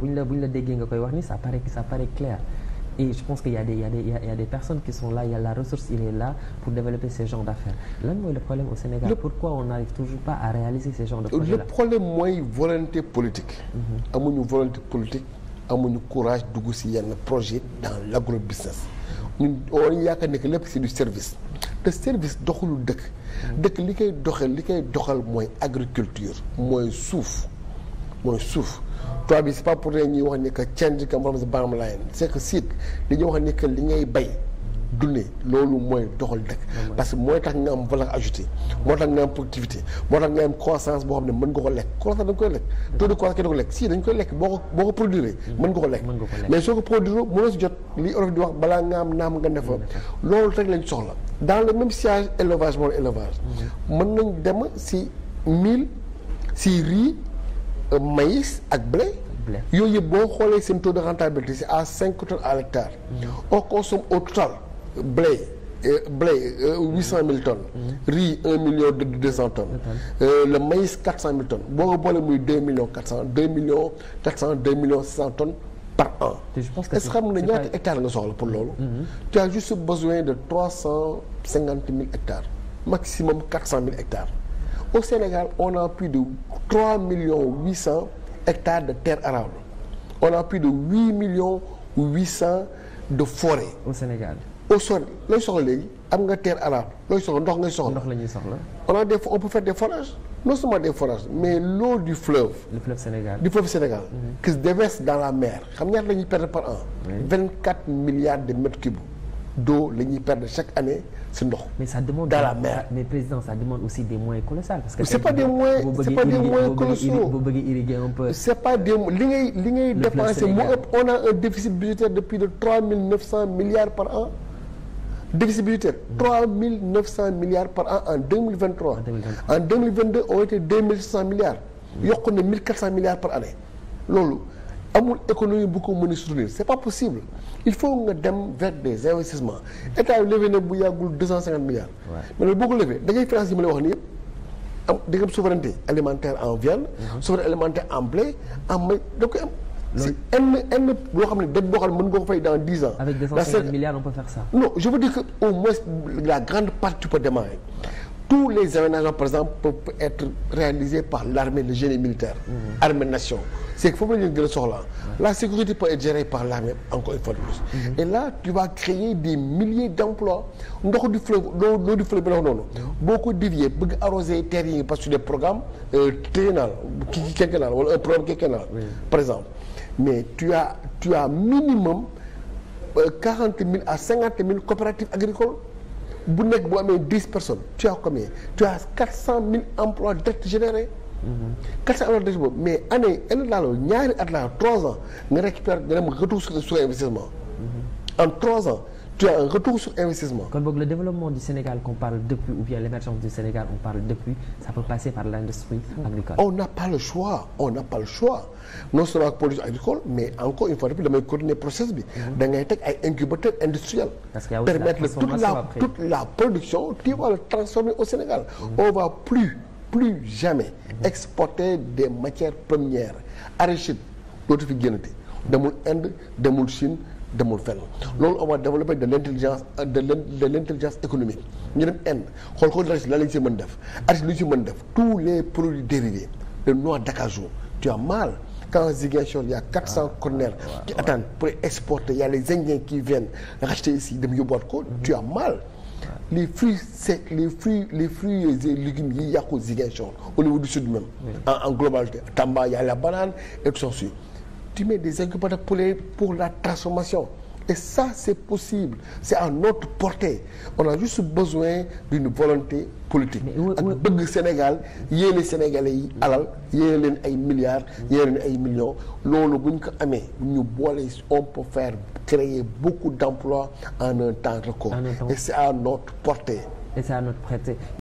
bu ñu la bu ñu la déggee nga koy wax ni sa pare ça paraît clair et je pense que y a des y a des personnes qui sont là y la ressource il est là pour développer ce genre d'affaires lan mooy le problème au Sénégal. pourquoi on n'arrive toujours pas à réaliser ce genre de projet problème mooy volonté politique. Mhm. amuñu volonté politique amuñu courage dugg ci yenn projet dans l'agrobusiness ñun on yaakaar ne que lépp c'est du service te service doxalul dëkk. Mhm. dëkk li koy doxal li koy doxal mooy agriculture mooy suuf. mooy suuf toit bi c'est pas pour rien ñuy wax ni que change que moom si bottom line c'est que siit dañuy wax ni li ngay bay dundee loolu mooy doxal dëkk parce que mooy tax nga am valeur ajoutée moo tax nga am productivité moo tax nga am croissance boo xam ne mën nga ko lekk croissance dañ koy lekk taux de ko lekk si dañ koy lekk boo ko ko produire hmm. mën nga ko lekk mais soo ko produire mënoo si jot li olof di wax balaa nga am naam nga defa hmm. loolu rek lañ soxla dans le même sillage élevage moom élevage hmm. mën nañ dem si mil si riz Euh, maïs ak blé. yooyu yëpp boo xoolee seen taux de rentabilité c'est à cinq tonnes à l'hectare. Mm-hmm. on consomme au total blé. Euh, blé euh, huit cent mille tonnes. Mm-hmm. riz un million deux cent tonnes. Mm-hmm. le maïs quatre cent mille tonnes boo ko boolee muy deux millions quatre cent deux millions cent deux millions six cent tonnes par an. te je que est-ce xam ne ñaata hectares nga soxla pour loolu. tu as juste besoin de trois cent cinquante mille hectares maximum quatre cent mille hectares. au Sénégal on a plus de 3 millions 800 hectares de terres arables on a plus de 8 millions 800 de forêts. au Sénégal. au sol looy soxla léegi am nga terre arable looy soxla ndox ngay soxla. ndox la ñuy soxla. on a des on peut faire des forages non seulement des mais loo du fleuve. du fleuve Sénégal du fleuve Sénégal. Mhm. qui se dans la mer xam ñaata la ñuy perdre par an. 24 milliards de mètres cubes. do la ñuy perdre chaque année si ndox. mais mais président ça demande aussi des moyens colossaux. c'est pas des moyens c'est pas des moyens colossaux boo bëggee irriguer un peu. c'est pas des li ngay li ngay dépenser moo ëpp on a un déficit budgétaire de plus de trois mille neuf milliards par an. déficit budgétaire mm. trois mille neuf cent milliards par an en deux mille vingt trois. en deux mille vingt deux on était deux mille sept cent milliards. Mm. yokk na mille quatre cent milliards par année loolu. amul économie bu ko mën a soutenir c' est pas possible il faut nga dem vers des investissements état bi levé na bu yàggul deux cent cinquante milliards. mais loolu boo ko levé da ngay financé yi ma lay wax nii yëpp am da nga am souveraineté alimentaire en viande. Mhm. souveraineté alimentaire en blé en may da koy am. si enn enn loo xam ne dette boo xam ne mën nga ko fay dans dix ans. avec deux cent cinquante milliards on peut faire ça. non je veux dire que au moins la grande partie tu peux tous les aménagements par exemple peuvent être réalisés par l'armée le génie militaire mhm. armée nation c'est que foofu la ñu gën a soxla la sécurité peut être gérée par l'armée encore une fois mhm. et là tu vas créer des milliers d'emplois ndox du fleuve loo du fleuve bi la noonu mhm. boo ko dévier bëgg arroser terres parce que des programmes euh, triennal kii quinquennal wala un programme quinquennal par exemple mais tu as tu as minimum euh, quarante mille à cinquante bu nekk bu amee dix personnes tu as combien tu as quatre cent mille emplois directs générés. Mm-hmm. quatre cent emplois directs boobu mais année année laa loolu ñaari at laa trois ans nga récupère nga dem retour sur investissement mm-hmm. en trois ans. tu as un retour sur investissement. kon boog le développement du Sénégal qu'on parle depuis ou bien l'émergence du Sénégal on parle depuis ça peut passer par l'industrie on n'a pas le choix non seulement politique agricole mais encore une fois depuis damay continuer process bi. Mhm. da ngay teg ay incubateurs industriels. que la toute la après. toute la production tu vas le transformer au Sénégal. Mm-hmm. on va plus jamais. Mhm. exporter des matières premières arachides dootu fi génnati demul Inde demul Chine. demul fenn loolu on va développer de l' intelligence de de l' intelligence économique ñu dem Inde xool xool arachide lan lañ si mën def arachide lu mën def tous les produits dérivés le noix d'acajou tu as mal quand Ziguinchor y' a 400 ah, conteneurs qui attendent exporter y' a les Indiens qui viennent racheter ici dem yóbbuwaat ko mm-hmm. tu as mal les fruits secs les fruits les fruits et légumes yi yàqu Ziguinchor au niveau du sud même en en Tamba y' la banane et tout ça tu mets des incubateurs poulains pour la transformation et ça c'est possible c'est à notre portée on a juste besoin d'une volonté politique ak bëgg Sénégal yéene Sénégalais yi alal yéene leen ay milliards yéene leen ay millions loolu bu ñu ko amee ñu boole on peut faire créer beaucoup d'emplois en un temps record et c'est à notre portée et c'est à notre portée